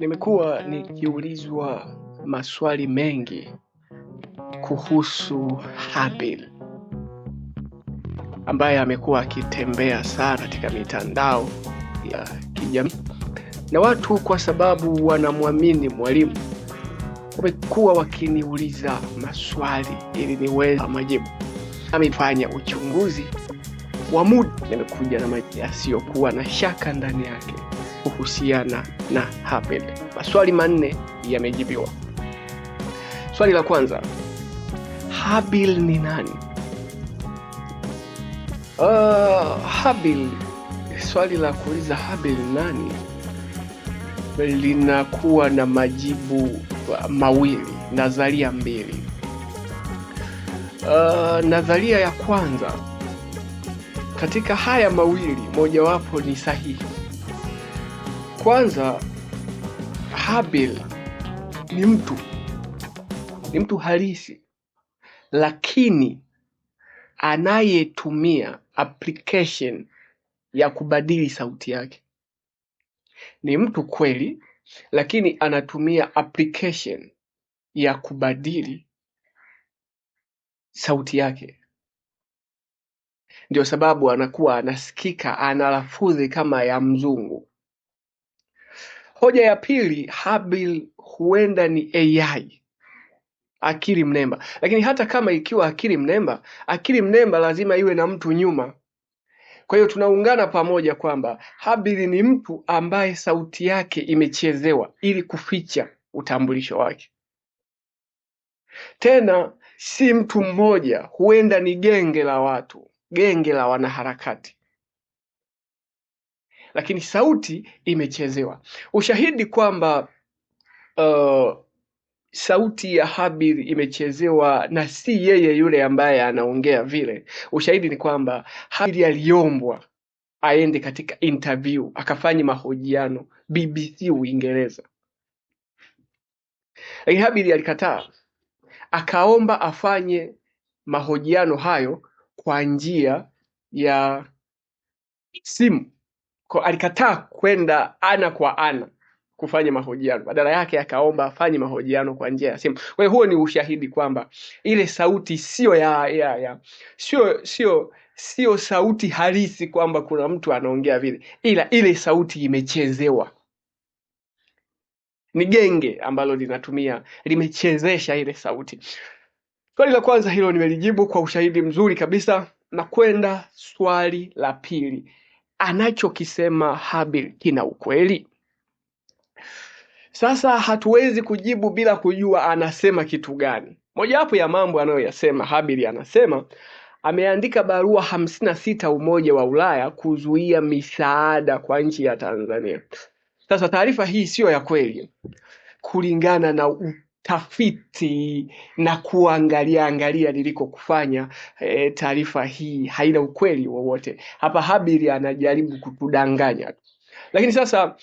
Nimekuwa ah. nikiulizwa maswali mengi kuhusu Habil ambaye amekuwa akitembea sana katika mitandao ya kijamii na watu, kwa sababu wanamwamini mwalimu, wamekuwa wakiniuliza maswali ili niweza majibu. Amefanya uchunguzi wa muda, nimekuja na maji yasiyokuwa na shaka ndani yake kuhusiana na HAPPED. Maswali manne yamejibiwa. Swali la kwanza, Habil ni nani? Uh, Habil, swali la kuuliza Habil nani linakuwa na majibu mawili, nadharia mbili. Uh, nadharia ya kwanza katika haya mawili mojawapo ni sahihi. Kwanza, Habil ni mtu, ni mtu halisi, lakini anayetumia application ya kubadili sauti yake. Ni mtu kweli, lakini anatumia application ya kubadili sauti yake, ndio sababu anakuwa anasikika ana lafudhi kama ya mzungu Hoja ya pili, Habil huenda ni AI, akili mnemba. Lakini hata kama ikiwa akili mnemba, akili mnemba lazima iwe na mtu nyuma. Kwa hiyo tunaungana pamoja kwamba Habili ni mtu ambaye sauti yake imechezewa ili kuficha utambulisho wake. Tena si mtu mmoja, huenda ni genge la watu, genge la wanaharakati lakini sauti imechezewa. Ushahidi kwamba uh, sauti ya Habili imechezewa na si yeye yule ambaye anaongea vile, ushahidi ni kwamba Habili aliombwa aende katika interview akafanye mahojiano BBC Uingereza, lakini Habili alikataa, akaomba afanye mahojiano hayo kwa njia ya simu kwa alikataa kwenda ana kwa ana kufanya mahojiano, badala yake akaomba afanye mahojiano kwa njia ya simu. Kwa hiyo huo ni ushahidi kwamba ile sauti sio ya, ya, ya sio sio sio sauti halisi kwamba kuna mtu anaongea vile, ila ile sauti imechezewa ni genge ambalo linatumia limechezesha ile sauti. Swali la kwanza hilo nimelijibu kwa ushahidi mzuri kabisa, na kwenda swali la pili anachokisema Habil kina ukweli? Sasa hatuwezi kujibu bila kujua anasema kitu gani. Mojawapo ya mambo anayoyasema Habil, anasema ameandika barua hamsini na sita Umoja wa Ulaya kuzuia misaada kwa nchi ya Tanzania. Sasa taarifa hii siyo ya kweli kulingana na tafiti na kuangalia angalia kufanya E, eh, taarifa hii haina ukweli wowote hapa. habiri anajaribu kudanganya lakini sasa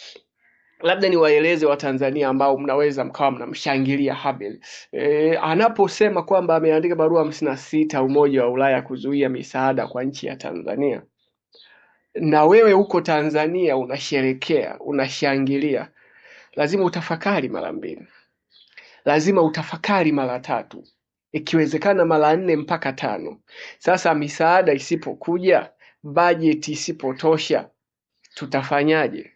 labda niwaeleze Watanzania ambao mnaweza mkawa mnamshangilia Habel e, eh, anaposema kwamba ameandika barua hamsini na sita Umoja wa Ulaya kuzuia misaada kwa nchi ya Tanzania, na wewe huko Tanzania unasherekea unashangilia, lazima utafakari mara mbili lazima utafakari mara tatu, ikiwezekana mara nne mpaka tano. Sasa misaada isipokuja, bajeti isipotosha, tutafanyaje?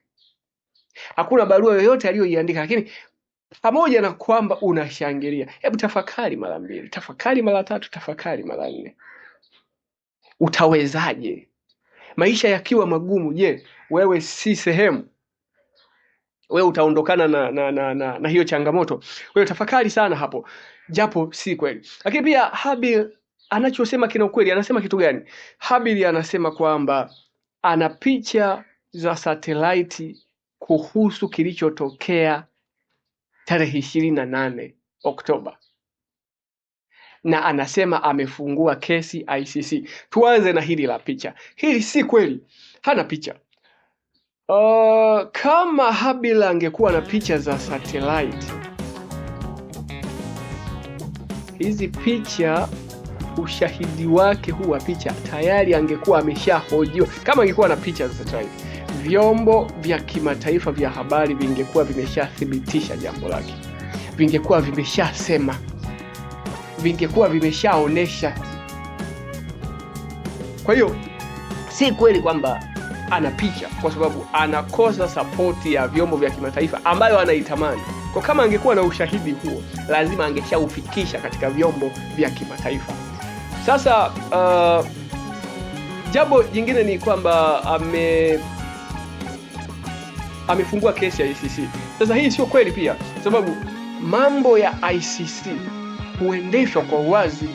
Hakuna barua yoyote aliyoiandika, lakini pamoja na kwamba unashangilia, hebu tafakari mara mbili, tafakari mara tatu, tafakari mara nne. Utawezaje? Maisha yakiwa magumu, je, wewe si sehemu wewe utaondokana na, na, na, na, na hiyo changamoto. Kwa hiyo tafakari sana hapo, japo si kweli. Lakini pia Habil anachosema kina ukweli. Anasema kitu gani? Habil anasema kwamba ana picha za satelaiti kuhusu kilichotokea tarehe ishirini na nane Oktoba na anasema amefungua kesi ICC. Tuanze na hili la picha. Hili si kweli, hana picha. Uh, kama Habila angekuwa na picha za satellite, hizi picha ushahidi wake huu wa picha tayari angekuwa ameshahojiwa. Kama angekuwa na picha za satellite, vyombo vya kimataifa vya habari vingekuwa vimeshathibitisha jambo lake, vingekuwa vimeshasema, vingekuwa vimeshaonesha. Kwa hiyo si kweli kwamba anapicha kwa sababu anakosa sapoti ya vyombo vya kimataifa ambayo anaitamani. Kwa kama angekuwa na ushahidi huo, lazima angeshaufikisha katika vyombo vya kimataifa. Sasa uh, jambo jingine ni kwamba ame amefungua kesi ya ICC. Sasa hii sio kweli pia, sababu mambo ya ICC huendeshwa kwa uwazi.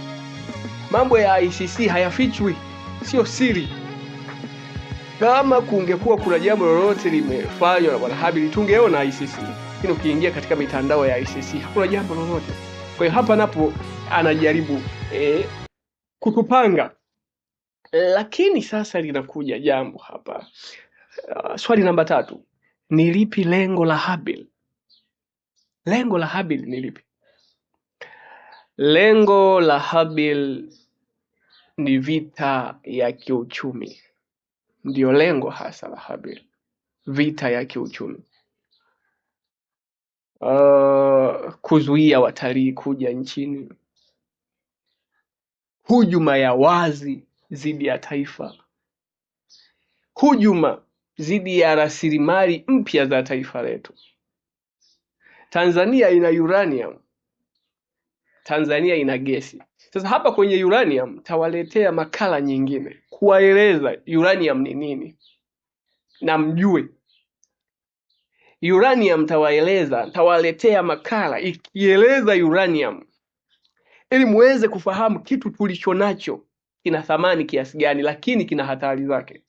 Mambo ya ICC hayafichwi, sio siri. Kama kungekuwa kuna jambo lolote limefanywa na bwana Habili tungeona ICC, lakini ukiingia katika mitandao ya ICC hakuna jambo lolote. Kwa hiyo hapa napo anajaribu eh, kutupanga, lakini sasa linakuja jambo hapa. Uh, swali namba tatu ni lipi lengo la Habil? Lengo la Habil ni lipi? Lengo la Habil ni vita ya kiuchumi. Ndiyo lengo hasa la Habil, vita ya kiuchumi. Uh, kuzuia watalii kuja nchini, hujuma ya wazi dhidi ya taifa, hujuma dhidi ya rasilimali mpya za taifa letu. Tanzania ina uranium, Tanzania ina gesi. Sasa hapa kwenye uranium tawaletea makala nyingine kuwaeleza uranium ni nini na mjue uranium. Tawaeleza, tawaletea makala ikieleza uranium ili muweze kufahamu kitu tulicho nacho kina thamani kiasi gani, lakini kina hatari zake.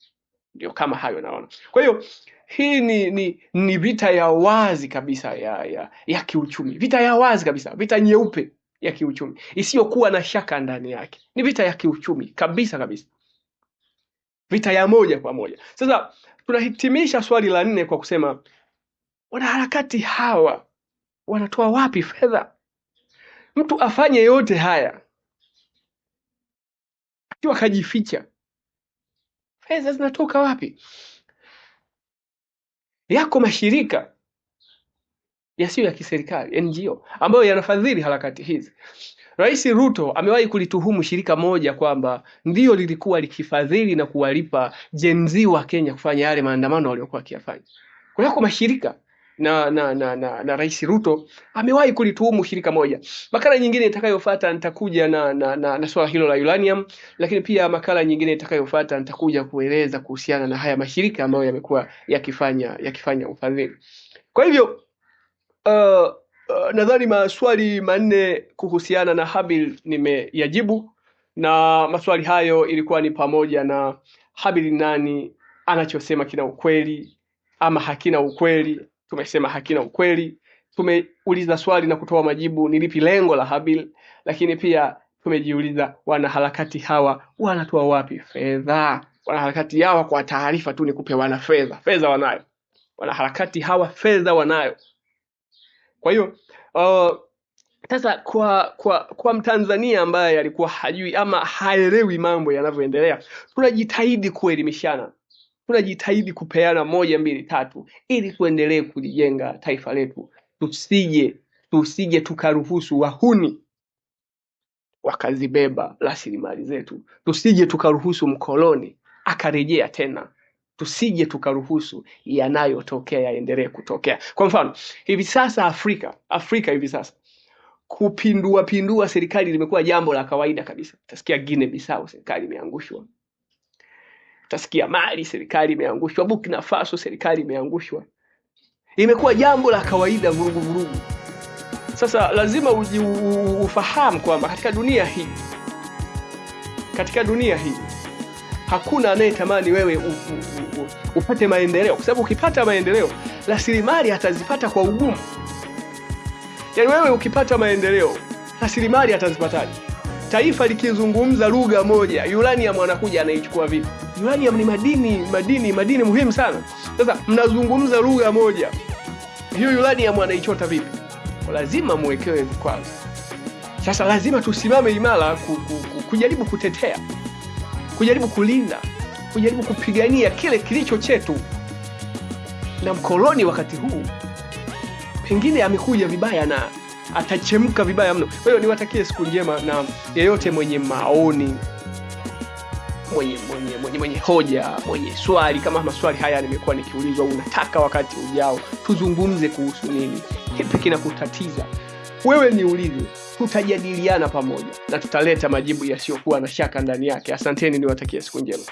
Ndio kama hayo naona. Kwa hiyo hii ni, ni ni vita ya wazi kabisa ya ya, ya kiuchumi, vita ya wazi kabisa, vita nyeupe ya kiuchumi isiyokuwa na shaka ndani yake. Ni vita ya kiuchumi kabisa kabisa, vita ya moja kwa moja. Sasa tunahitimisha swali la nne kwa kusema wanaharakati hawa wanatoa wapi fedha? Mtu afanye yote haya akiwa kajificha, fedha zinatoka wapi? Yako mashirika yasiyo ya kiserikali NGO ambayo yanafadhili harakati hizi. Rais Ruto amewahi kulituhumu shirika moja kwamba ndiyo lilikuwa likifadhili na kuwalipa jenzi wa Kenya kufanya yale maandamano waliokuwa wakiyafanya. Kwa hiyo mashirika na na, na, na, na Rais Ruto amewahi kulituhumu shirika moja. Makala nyingine itakayofuata nitakuja na, na, na, na swala hilo la uranium, lakini pia makala nyingine itakayofuata nitakuja kueleza kuhusiana na haya mashirika ambayo yamekuwa yakifanya yakifanya ufadhili. Kwa hivyo Uh, uh, nadhani maswali manne kuhusiana na Habil nimeyajibu, na maswali hayo ilikuwa ni pamoja na Habil nani, anachosema kina ukweli ama hakina ukweli. Tumesema hakina ukweli. Tumeuliza swali na kutoa majibu, ni lipi lengo la Habil, lakini pia tumejiuliza wanaharakati hawa wanatoa wapi fedha? Wanaharakati hawa, kwa taarifa tu, ni kupewana fedha. Fedha wanayo wanaharakati hawa, fedha wanayo. Kwa hiyo uh, sasa kwa kwa kwa Mtanzania ambaye alikuwa hajui ama haelewi mambo yanavyoendelea, tunajitahidi kuelimishana, tunajitahidi kupeana moja mbili tatu, ili tuendelee kulijenga taifa letu, tusije tusije tukaruhusu wahuni wakazibeba rasilimali zetu, tusije tukaruhusu mkoloni akarejea tena tusije tukaruhusu yanayotokea yaendelee kutokea. Kwa mfano, hivi sasa Afrika, Afrika hivi sasa kupindua pindua serikali limekuwa jambo la kawaida kabisa. Utasikia Guinea Bissau serikali imeangushwa, utasikia Mali serikali imeangushwa, Burkina Faso serikali imeangushwa, imekuwa jambo la kawaida, vurugu vurugu. Sasa lazima uji, ufahamu kwamba katika dunia hii katika dunia hii hakuna anayetamani wewe u, u, upate maendeleo, kwa sababu ukipata maendeleo rasilimali atazipata kwa ugumu. Yaani wewe ukipata maendeleo rasilimali atazipataje? Taifa likizungumza lugha moja, uranium anakuja anaichukua vipi? Uranium ni madini, madini, madini muhimu sana. Sasa mnazungumza lugha moja, hiyo uranium anaichota vipi? Lazima muwekewe vikwazo. Sasa lazima tusimame imara ku, ku, ku, kujaribu kutetea, kujaribu kulinda kujaribu kupigania kile kilicho chetu. Na mkoloni wakati huu pengine amekuja vibaya na atachemka vibaya mno. Kwa hiyo niwatakie siku njema, na yeyote mwenye maoni mwenye mwenye mwenye mwenye hoja mwenye swali, kama maswali haya nimekuwa nikiulizwa, unataka wakati ujao tuzungumze kuhusu nini, kipi kinakutatiza wewe, niulize, tutajadiliana pamoja na tutaleta majibu yasiyokuwa na shaka ndani yake. Asanteni, niwatakie siku njema.